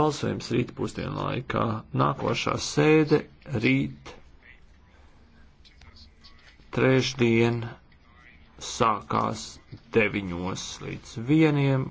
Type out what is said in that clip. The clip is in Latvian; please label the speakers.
Speaker 1: Balsojums rīt pusdienu laikā. Nākošā sēde rīt trešdien sākās
Speaker 2: deviņos līdz
Speaker 3: vieniem